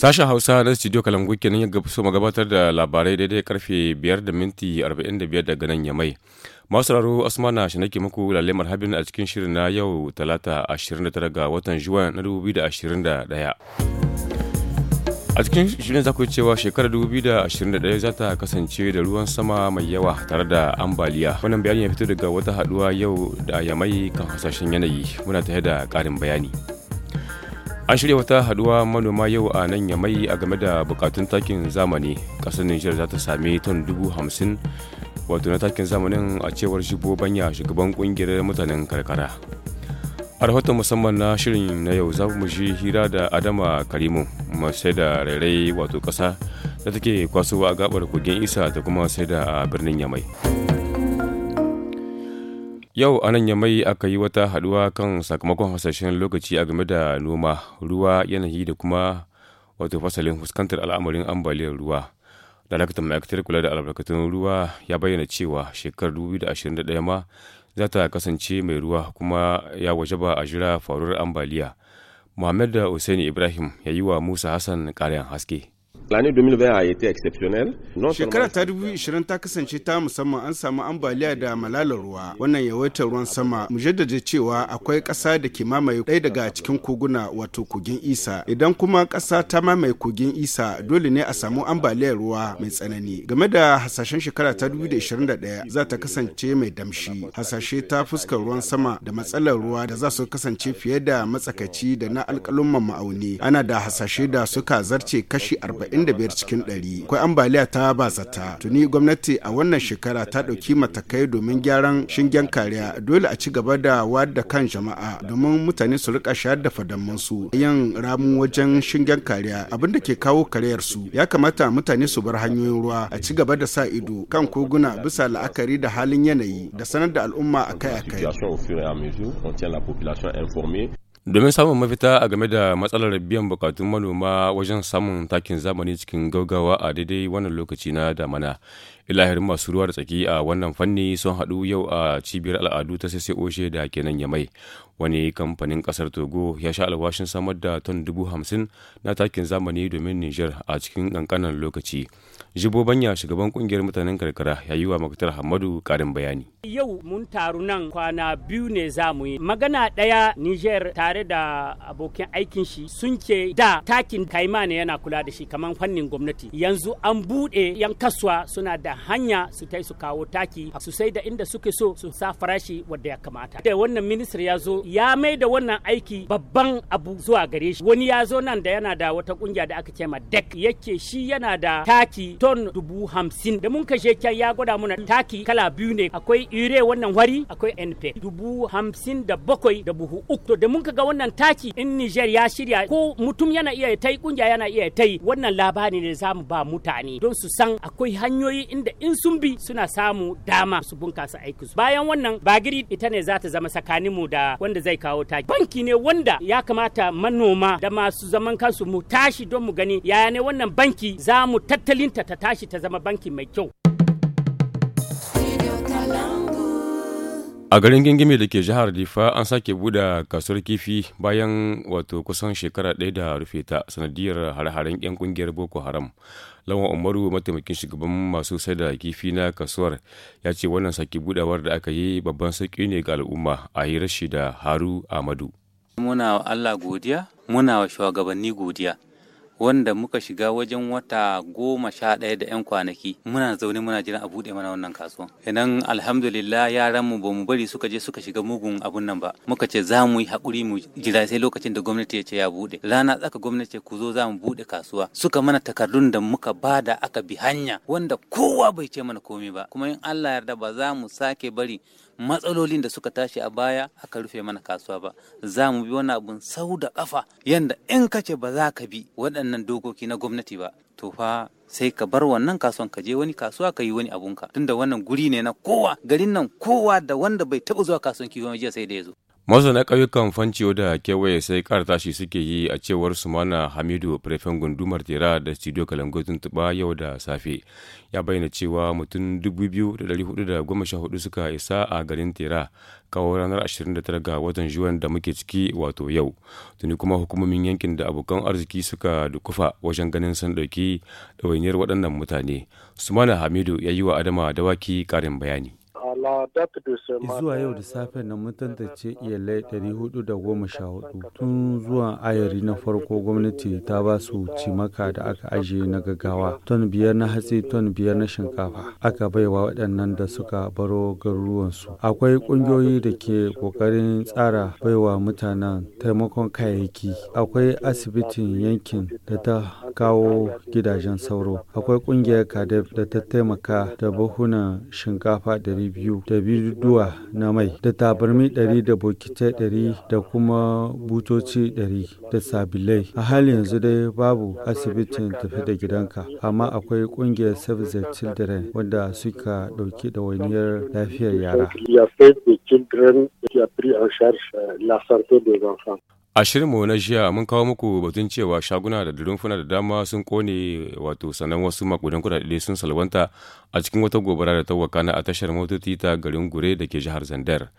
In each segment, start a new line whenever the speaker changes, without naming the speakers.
Sashen Hausa na Studio Kalangu kenan ya so gabatar da labarai daidai karfe 5 da minti 45 daga nan ya mai. Masu raro Asmana shi nake muku lalle marhabin a cikin shirin na yau talata 29 ga watan Juwan na 2021. A cikin shirin za ku cewa shekarar 2021 za ta kasance da ruwan sama mai yawa tare da ambaliya. Wannan bayani ya fito daga wata haduwa yau da yamai kan hasashen yanayi. Muna tare da ƙarin bayani. an shirya wata haduwa manoma yau a nan yamai a game da bukatun takin zamani kasar nijar za ta sami ton dubu hamsin wato na takin zamanin a cewar shigo banya shugaban kungiyar mutanen karkara a rahoton musamman na shirin na yau za mu shi hira da adama karimu mai sai da rairai wato kasa da take kwasowa a gabar kogin isa da kuma sai da a birnin yamai. Yau a nan mai aka yi wata haɗuwa kan sakamakon hasashen lokaci a game da noma, ruwa, yanayi da kuma wato fasalin fuskantar al'amarin ambaliyar ruwa. Daraktan ma'aikatar kula da albarkatun ruwa ya bayyana cewa shekarar 2021 ma za ta kasance mai ruwa kuma ya waje ba a jira faruwar ambaliya. Muhammad da Hussein Ibrahim ya yi wa Musa Hassan ƙarin haske. L'année 2020 a été exceptionnelle. Shekara
ta 2020 ta kasance ta musamman an samu ambaliya da malalar ruwa. Wannan yawaitar ruwan sama mu jaddada cewa akwai ƙasa da ke mamaye ɗaya daga cikin koguna wato kogin Isa. Idan kuma ƙasa ta mamaye kogin Isa dole ne a samu ambaliyar ruwa mai tsanani. Game da hasashen shekara ta 2021 za ta kasance mai damshi. Hasashe ta fuskar ruwan sama da matsalar ruwa da za su kasance fiye da matsakaici da na alƙalumman ma'auni. Ana da hasashe da suka zarce kashi arba'in. 25 cikin 100 akwai ambaliya ta bazata tuni gwamnati a wannan shekara ta ɗauki matakai domin gyaran shingen kariya dole a ci gaba da wada kan jama'a domin mutane su rika shayar da su yin ramu wajen shingen kariya abin da ke kawo kariyar su ya kamata mutane su bar hanyoyin ruwa a ci gaba da sa ido kan koguna bisa la'akari da halin yanayi da sanar da al'umma akai-akai
domin samun mafita a game da matsalar biyan bukatun manoma wajen samun takin zamani cikin gaugawa a daidai wannan lokaci na damana ilahir masu ruwa da tsaki a wannan fanni sun haɗu yau a cibiyar al'adu ta sai oshe da kenan yamai wani kamfanin ƙasar togo ya sha alwashin samar da ton dubu hamsin na takin zamani domin niger a cikin ƙanƙanan lokaci Jibo Banya shugaban kungiyar mutanen karkara ya yi wa Muktar Hamadu karin bayani.
Yau mun taru nan kwana biyu ne za mu yi. Magana ɗaya Niger tare da abokin aikin shi sun ce da takin kaima ne yana kula da shi kamar fannin gwamnati. Yanzu an buɗe yan kasuwa suna da hanya su tai su kawo taki su sai da inda suke so su sa farashi wadda ya kamata. Da wannan ministry ya zo ya mai da wannan aiki babban abu zuwa gare shi. Wani ya zo nan da yana da wata kungiya da aka ce ma dek yake shi yana da taki ton dubu hamsin da mun kashe can ya gwada muna taki kala biyu ne akwai ire wannan wari akwai np dubu hamsin da bakwai da buhu uku to da mun ga wannan taki in niger ya shirya ko mutum yana iya tai kungiya yana iya tai wannan labari ne za mu ba mutane don su san akwai hanyoyi inda in sun bi suna samu dama su bunkasa su. bayan wannan bagiri ita ne za ta zama mu da wanda zai kawo taki banki ne wanda ya kamata manoma da masu zaman kansu mu tashi don mu gani yaya ne wannan banki za mu tattalin ta. ta tashi ta zama banki mai kyau.
a garin gingimi da ke jihar difa an sake buɗe kasuwar kifi bayan wato kusan shekara ɗaya da rufe ta sanadiyar hare-haren 'yan kungiyar boko haram lawan umaru mataimakin shugaban masu sai da kifi na kasuwar ya ce wannan sake buɗewar da aka yi babban sauƙi ne ga al'umma a hirar shi da haru ahmadu
muna allah godiya muna wa shugabanni godiya wanda muka shiga wajen wata goma sha ɗaya da 'yan kwanaki muna zaune muna jiran a buɗe mana wannan kasuwa kenan alhamdulillah yaran mu bamu bari suka je suka shiga mugun abun nan ba muka ce za mu yi haƙuri mu jira sai lokacin da gwamnati ya ce ya buɗe rana tsaka gwamnati ku zo za mu buɗe kasuwa suka mana takardun da muka bada aka bi hanya wanda kowa bai ce mana komai ba kuma in Allah yarda ba za mu sake bari matsalolin da suka tashi a baya aka rufe mana kasuwa ba za mu bi wani abun sau da kafa yadda in ka ce ba za ka bi waɗannan dokoki na gwamnati ba to fa sai ka bar wannan kasuwan ka je wani kasuwa ka yi wani abunka tunda wannan guri ne na kowa garin nan kowa da wanda bai taɓa zuwa kasuwan kiwon jiya sai da ya zo
Masana ƙauyukan fanci da kewaye sai ƙara tashi suke yi a cewar Sumana Hamidu Prefen gundumar Tera da Studio Kalango tuba yau da safe. Ya bayyana cewa mutum 2,414 suka isa a garin Tera kawo ranar 29 ga watan Juwan da muke ciki wato yau. Tuni kuma hukumomin yankin da abokan arziki suka dukufa wajen ganin sun ɗauki ɗawainiyar waɗannan mutane. Sumana Hamidu ya yi wa Adama Dawaki ƙarin bayani.
Zuwa yau da safe na mun tantance iyalai 414 tun zuwa ayari na farko gwamnati ta ba su cimaka da aka ajiye na gaggawa ton biyar na hatsi ton biyar na shinkafa aka baiwa waɗannan da suka baro garuruwansu. Akwai ƙungiyoyi da ke ƙoƙarin tsara baiwa mutanen taimakon kayayyaki. Akwai asibitin yankin da ta kawo gidajen sauro akwai ƙungiyar kadef da ta taimaka da buhunan shinkafa 200 da biduwa na mai da tabarmi 100 da bokitai 100 da kuma butoci 100 da sabilai a halin yanzu dai babu asibitin tafi da gidanka amma akwai ƙungiyar save the children wanda suka ɗauki ɗawainiyar
lafiyar yara A shirinmu na jiya mun kawo muku batun cewa shaguna da rumfuna da dama sun kone wato sannan wasu makudan kudade sun salwanta a cikin wata gobara da tawakana a tashar motoci ta garin Gure da ke jihar Zandar.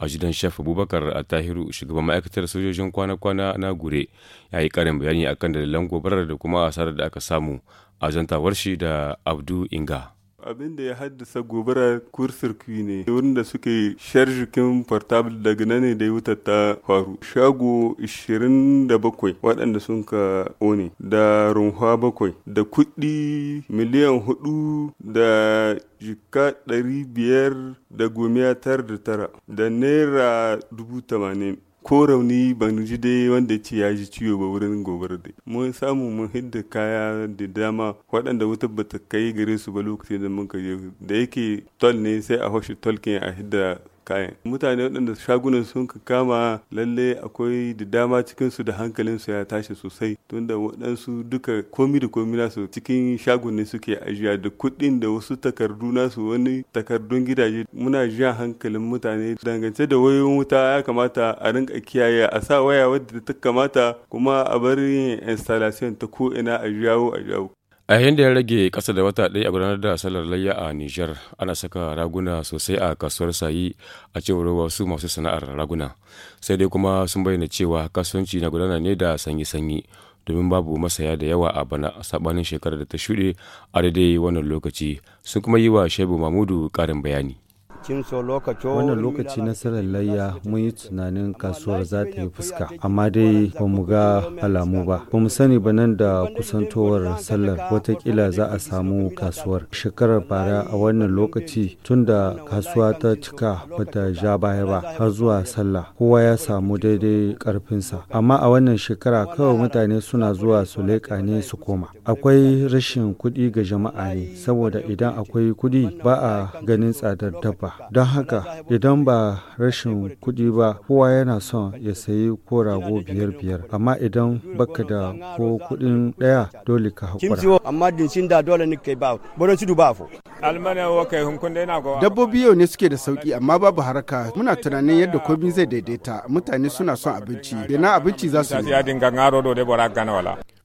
A jidan Chef Abubakar a tahiru shugaban ma'aikatar sojojin kwana-kwana na Gure ya yi karin bayani akan dalilan gobarar da kuma asarar da aka samu a zantawar shi da Abdu Inga.
abin da ya haddasa gobara kursirki ne wurin da suke sharjikin portable daga nan ne da wutar ta faru shago 27 waɗanda sun ka one da runhuwa bakwai da kuɗi miliyan hudu da jika ɗari biyar da gomiya tar da tara da naira dubu tamanin ko rauni ba ji dai wanda ce ya ji ciwo ba wurin gobar dai mun samu mun hidda kaya da dama waɗanda wuta ba ta kai gare su ba lokacin da mun je da yake tol ne sai a hoshi tolkin a hidda kayan mutane waɗanda shagunan sun kama lalle akwai da dama cikinsu da hankalinsu ya tashi sosai tunda waɗansu duka komi da komi nasu cikin shagunan suke ajiya da kuɗin da wasu takardu nasu wani takardun gidaje muna jiya hankalin mutane dangance da wayoyin wuta ya kamata a rinka kiyaye a sa waya wadda ta kamata kuma a bari installation ta ko ina a jawo a jawo
a yayin da ya rage kasa da wata ɗaya a gudanar da sallar layya a niger ana saka raguna sosai a kasuwar sayi a cewar wasu masu sana'ar raguna sai dai kuma sun bayyana cewa kasuwanci na gudana ne da sanyi-sanyi domin babu masaya da yawa a bana saɓanin shekarar da ta shuɗe a daidai wannan lokaci sun kuma yi wa shaibu mamudu ƙarin bayani
wannan lokaci na sarar layya mun yi tunanin kasuwar za ta yi fuska amma dai ba mu ga alamu ba ba mu sani ba nan da kusantowar sallar watakila za a samu kasuwar shekarar bara a wannan lokaci tun da kasuwa ta cika bata ja baya ba har zuwa sallah kowa ya samu daidai karfinsa amma a wannan shekara kawai mutane suna zuwa su leƙa ne su koma akwai rashin kuɗi ga jama'a ne saboda idan akwai kuɗi ba a ganin tsadar dabba don haka idan ba rashin kuɗi ba kowa yana son ya sayi ko rago biyar biyar amma idan baka da ko kuɗin ɗaya dole ka haƙura.
amma
dinsin da dole ne kai ba boron su duba fo.
wa kai hunkun da yana gowa. dabbobi
yau ne suke da sauki amma babu haraka muna tunanin yadda komi zai daidaita mutane suna son abinci da na abinci za su yi.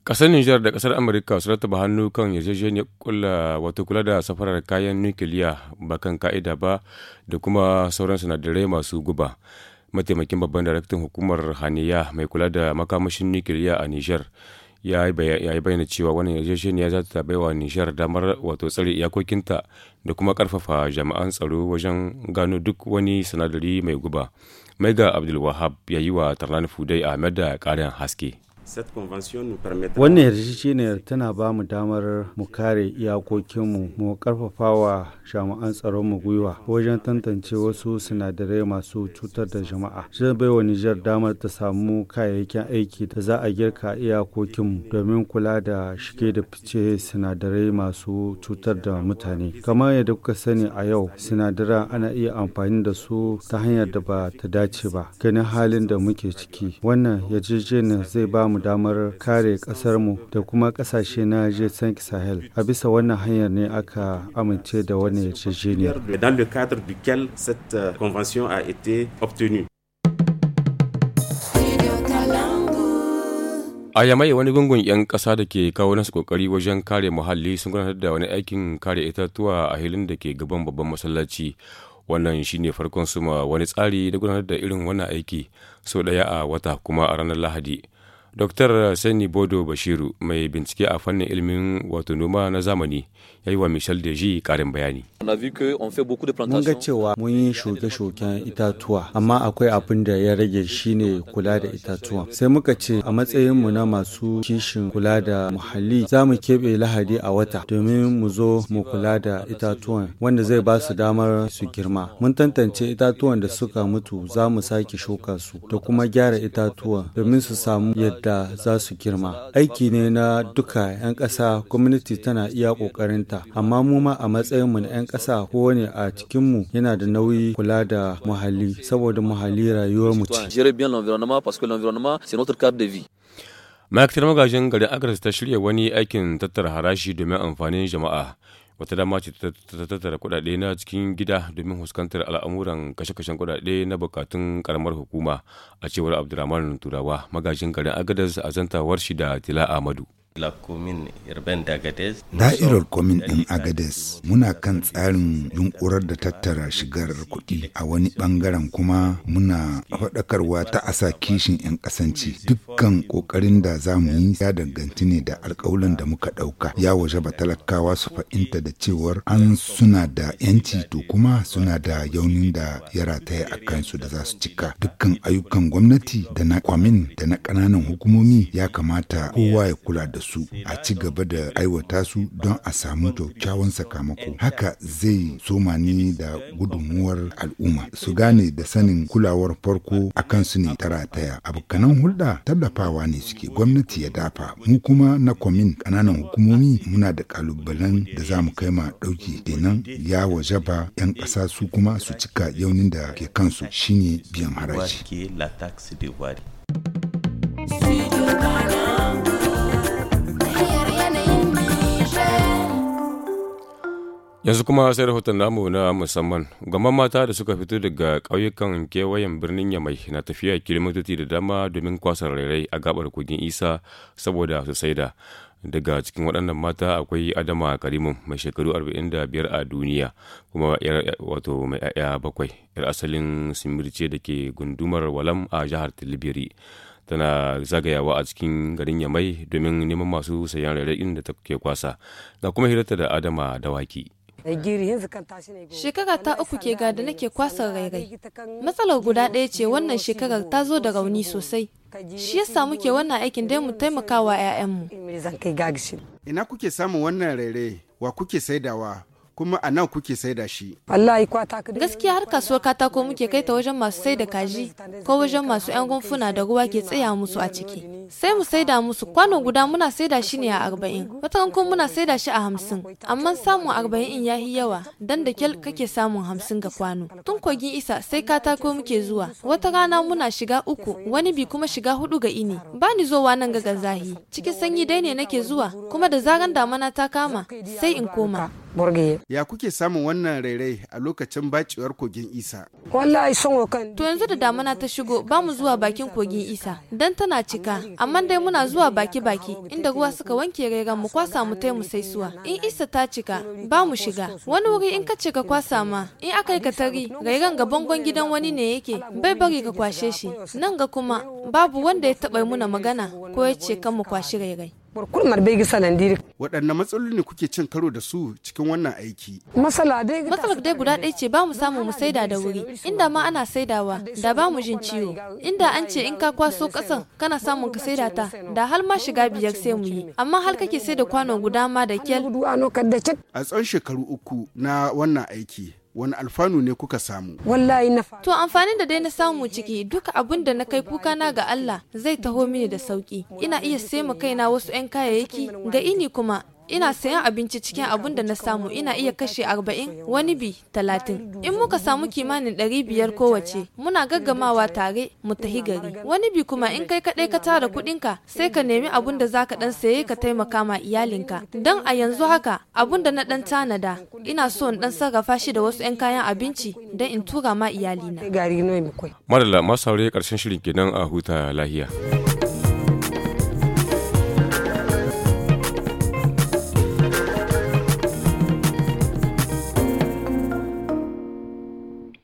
kasar Nijar da kasar Amurka su rattaba hannu kan yarjejeniyar kula wata kula da safarar kayan nukiliya ba kan ka'ida ba da kuma sauran sinadarai masu guba. Mataimakin babban daraktan hukumar Haniya mai kula da makamashin nukiliya a Nijar ya yi bayyana cewa wannan yarjejeniya za ta bai wa Nijar damar wato tsare iyakokinta da kuma karfafa jami'an tsaro wajen gano duk wani sinadari mai guba. Maiga Abdulwahab ya yi wa Tarlani Fudai Ahmed da ƙarin haske. Wannan
yarjejeniyar tana ba mu damar mu kare iyakokinmu mu karfafa wa jami'an mu gwiwa wajen tantance wasu sinadarai masu cutar da jama'a. Zai bai wa Nijar damar ta samu kayayyakin aiki da za a girka iyakokinmu domin kula da shige da fice sinadarai masu cutar da mutane. Kamar yadda kuka sani a yau sinadaran ana iya amfani da su ta hanyar da ba ta dace ba. Ganin halin da muke ciki wannan yarjejeniyar zai ba mu mu damar kare ƙasarmu da kuma kasashe na g5 sahel a bisa wannan hanyar ne aka amince da wani yarjejeniya
euh, a yamai wani gungun 'yan kasa da ke kawo nasu kokari wajen kare muhalli sun gudanar da wani aikin kare itatuwa a hilin da ke gaban babban masallaci wannan shine farkon suma wani tsari da gudanar da irin wannan aiki sau ɗaya a wata kuma a ranar lahadi Dr. Sani Bodo Bashiru mai bincike a fannin ilimin wato noma na zamani ya yi wa Michel Deji karin bayani. Mun ga cewa
mun yi shuke-shuken itatuwa amma akwai abin da ya rage shine kula da itatuwa. Sai muka ce a matsayin mu na masu kishin kula da muhalli za mu keɓe lahadi a wata domin mu zo mu kula da itatuwan wanda zai ba su damar su girma. Mun tantance itatuwan da suka mutu za mu sake shuka su da kuma gyara itatuwa domin su samu yadda da za su girma aiki ne na duka 'yan ƙasa gwamnati tana iya ƙoƙarinta amma mu ma a matsayinmu na 'yan ƙasa kowane a cikinmu yana da nauyi kula da muhalli saboda muhalli rayuwarmu ce
ma'aikatar magajin garin agres ta shirya wani aikin tattara harashi domin amfanin jama'a wata dama ce ta tattara kuɗaɗe na cikin gida domin fuskantar al'amuran kashe-kashen kuɗaɗe na bukatun karamar hukuma a cewar abdulrahman turawa magajin garin agadas a zantawar shi da tila amadu Da'irar komin ɗin
Agades muna kan tsarin yunkurar da tattara shigar kuɗi a wani ɓangaren kuma muna faɗakarwa ta asa kishin 'yan ƙasanci. Dukkan ƙoƙarin da za mu yi ya danganci ne da alƙawulan da muka ɗauka. Ya waje ba talakawa su fa'inta da cewar an suna da 'yanci to kuma suna da yaunin da ya rataya a kansu da za su cika. Dukkan ayyukan gwamnati da na kwamin da na ƙananan hukumomi ya kamata kowa ya kula da su. su a ci gaba da aiwata su don a samu kyakkyawan sakamako haka zai soma ni da gudunmuwar al'umma su gane da sanin kulawar farko a kansu ne tara taya abokanan hulɗa tallafawa ne suke gwamnati ya dafa mu kuma na kwamin ƙananan hukumomi muna da kalubalen da za mu kai ma ɗauki kenan ya waje ba 'yan ƙasa su kuma su cika yaunin da ke kansu shine biyan haraji. Studio Bar.
Yanzu kuma sai rahoton namu na musamman. Gwamman mata da suka fito daga ƙauyukan kewayen birnin Yamai na tafiya kilomitoci da dama domin kwasar rairai a gabar kogin Isa saboda su saida. Daga cikin waɗannan mata akwai Adama Karimu mai shekaru 45 a duniya kuma yar wato mai ‘ya'ya bakwai, ‘yar asalin simirce da ke gundumar Walam a jihar Tilibiri. tana zagayawa a cikin garin Yamai domin neman masu sayan rairayin da ta ke kwasa. Ga kuma hirarta da Adama Dawaki.
Shekara ta uku ke ga da nake kwasa rairai. Matsalar guda ɗaya ce wannan shekarar ta zo da rauni sosai. Shi yasa muke wannan aikin dai mu taimakawa 'ya'yanmu.
Ina kuke samun wannan rairai wa kuke saidawa kuma a nan kuke saida shi.
Gaskiya har kasuwar katako muke kai ta wajen masu sai da kaji ko wajen masu 'yan gunfuna da ruwa ke tsaya musu a ciki. Sai mu saida musu kwano guda muna saida shi ne a arba'in, wata kuma muna saida shi a hamsin, amma samun arba'in in yahi yawa dan da kyal kake samun hamsin ga kwano. Tun kogin isa sai katako muke zuwa, wata rana muna shiga uku wani bi kuma shiga hudu ga ini. Ba ni zowa nan ga gazahi cikin sanyi dai ne nake zuwa kuma da zaran damana ta kama sai in koma.
Ya kuke samun wannan rairai a lokacin baciwar kogin Isa?
Wallahi son kan. To yanzu da damuna ta shigo ba mu zuwa bakin kogin Isa dan tana cika amma dai muna zuwa baki baki inda ruwa suka wanke rairan mu kwasa mu tai mu sai suwa. In Isa ta cika ba mu shiga wani wuri in ka ce ka kwasa ma in aka yi katari rairan ga bangon gidan wani ne yake bai bari ka kwashe shi nan ga kuma babu wanda ya taɓa muna magana ko ya ce kan mu kwashi rairai.
bai gisa waɗanne matsaloli ne kuke cin karo da su cikin wannan aiki
matsalar dai guda ɗaya ce ba mu samu mu saida da wuri inda ma ana saidawa da ba mu jin ciwo inda an ce in ka kwaso ƙasan kana samun ka saida ta da har ma shiga biyar sai mu yi amma har kake saida da kwano guda ma da kyal
a tsawon shekaru uku na wannan aiki wani alfanu ne kuka samu
wallahi na to amfanin da dai na samu ciki duka abin da na kai kuka na ga Allah zai taho mini da sauki ina iya sai mu kaina wasu 'yan kayayyaki ga ini kuma ina sayan abinci cikin abun da na samu ina iya kashe arba'in wani bi talatin in muka samu kimanin ɗari biyar kowace muna gaggamawa tare mu tahi gari wani bi kuma in kai kaɗai ka tara kuɗinka sai ka nemi abun da zaka ɗan saye ka taimaka ma iyalinka don a yanzu haka abun da na ɗan tanada ina so in ɗan sarrafa shi da wasu 'yan kayan abinci don in tura ma iyalina.
Madalla masu saurari ƙarshen shirin kenan a huta lahiya.